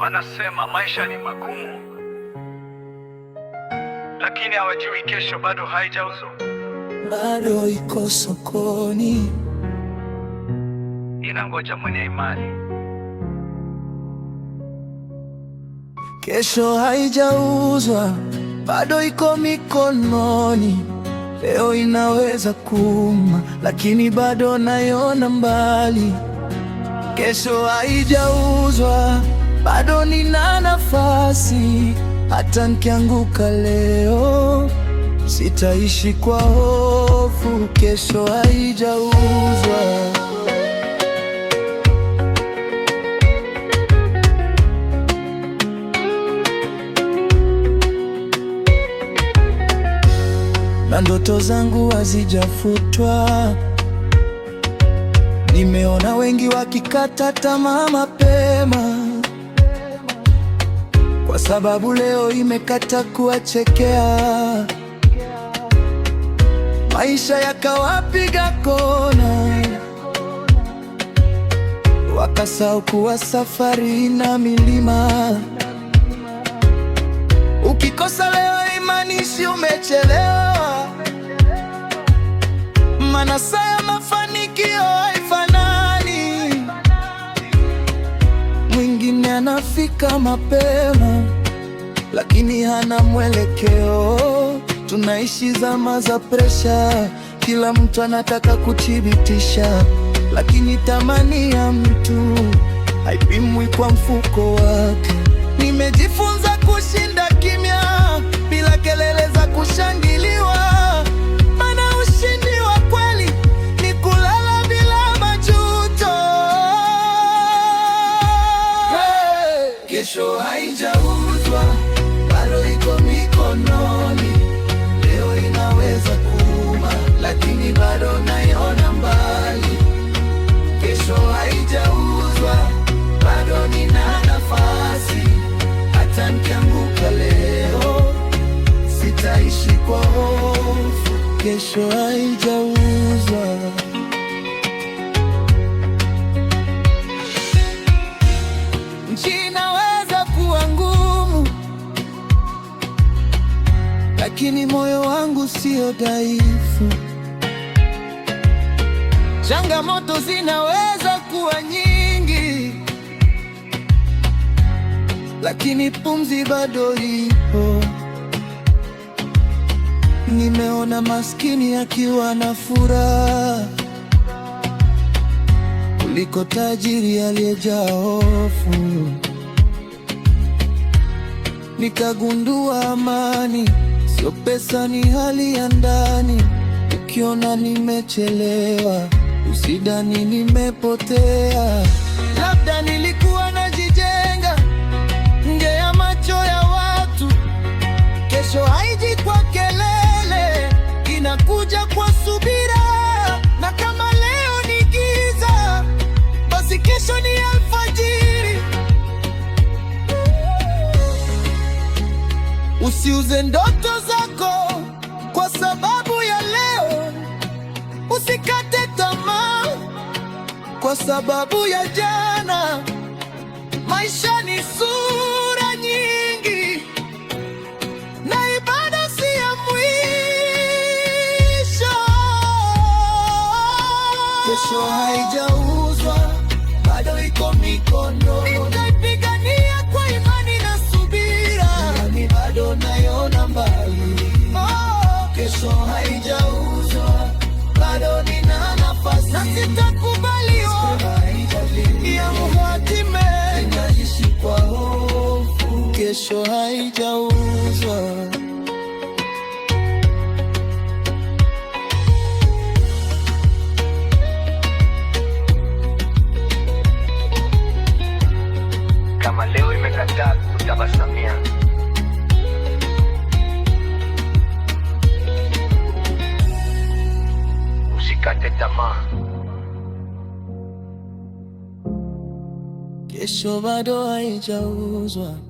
Wanasema maisha ni magumu, lakini hawajui kesho bado haijauzwa, bado iko sokoni, inangoja mwenye imani. Kesho haijauzwa, bado iko mikononi. Leo inaweza kuuma, lakini bado naiona mbali. Kesho haijauzwa bado nina nafasi, hata nikianguka leo sitaishi kwa hofu, kesho haijauzwa. na ndoto zangu hazijafutwa. Nimeona wengi wakikata tamaa mapema kwa sababu leo imekata kuwachekea. Maisha yakawapiga kona, wakasahau kuwa safari na milima. Ukikosa leo imanishi umechelewa, manasaya saa ya mafanikio anafika mapema, lakini hana mwelekeo. Tunaishi zama za presha, kila mtu anataka kuthibitisha, lakini thamani ya mtu haipimwi kwa mfuko wake. Nimejifunza kushi kesho haijauzwa. Nchi inaweza kuwa ngumu, lakini moyo wangu sio dhaifu. Changamoto zinaweza kuwa nyingi, lakini pumzi bado ipo. Nimeona maskini akiwa na furaha kuliko tajiri aliyejaa hofu. Nikagundua amani sio pesa, ni hali ya ndani. Ukiona nimechelewa, usidhani nimepotea. Usiuze ndoto zako kwa sababu ya leo, usikate tamaa kwa sababu ya jana. Maisha ni sura nyingi na ibada si ya mwisho. Kesho haijauzwa, bado iko mikononi. mwisho haijauzwa, bado nina nafasi na sitakubaliwa ya ninaishi kwa hofu, kesho haijauzwa kama leo imekataa kutabasamia usikate tamaa. Kesho bado haijauzwa.